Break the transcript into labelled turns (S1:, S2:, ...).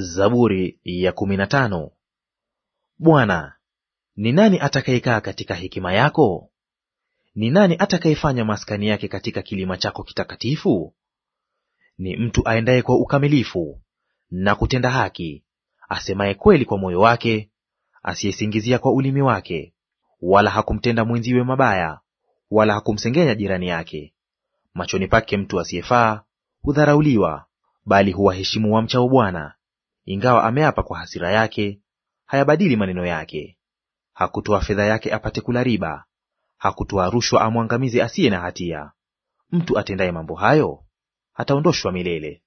S1: Zaburi ya kumi na tano. Bwana, ni nani atakayekaa katika hekima yako? Ni nani atakayefanya maskani yake katika kilima chako kitakatifu? Ni mtu aendaye kwa ukamilifu na kutenda haki, asemaye kweli kwa moyo wake, asiyesingizia kwa ulimi wake, wala hakumtenda mwenziwe mabaya, wala hakumsengenya jirani yake. Machoni pake mtu asiyefaa hudharauliwa, bali huwaheshimu wamchao Bwana ingawa ameapa kwa hasira yake, hayabadili maneno yake. Hakutoa fedha yake apate kula riba, hakutoa rushwa amwangamize asiye na hatia. Mtu atendaye mambo hayo ataondoshwa milele.